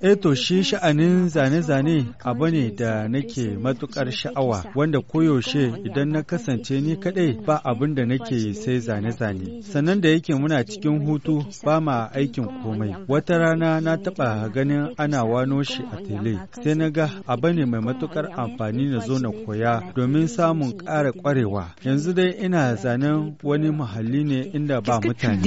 Eto eh shi sha'anin zane-zane abu ne da nake matukar sha'awa wanda koyaushe idan na kasance ni kadai ba abin da nake sai zane-zane. Sannan da yake muna cikin hutu ba ma aikin komai. Wata rana na taba ganin ana wano shi a tele sai na ga abu ne mai matukar amfani na zo na koya domin samun ƙara ƙwarewa. Yanzu dai ina zanen wani muhalli ne inda ba mutane.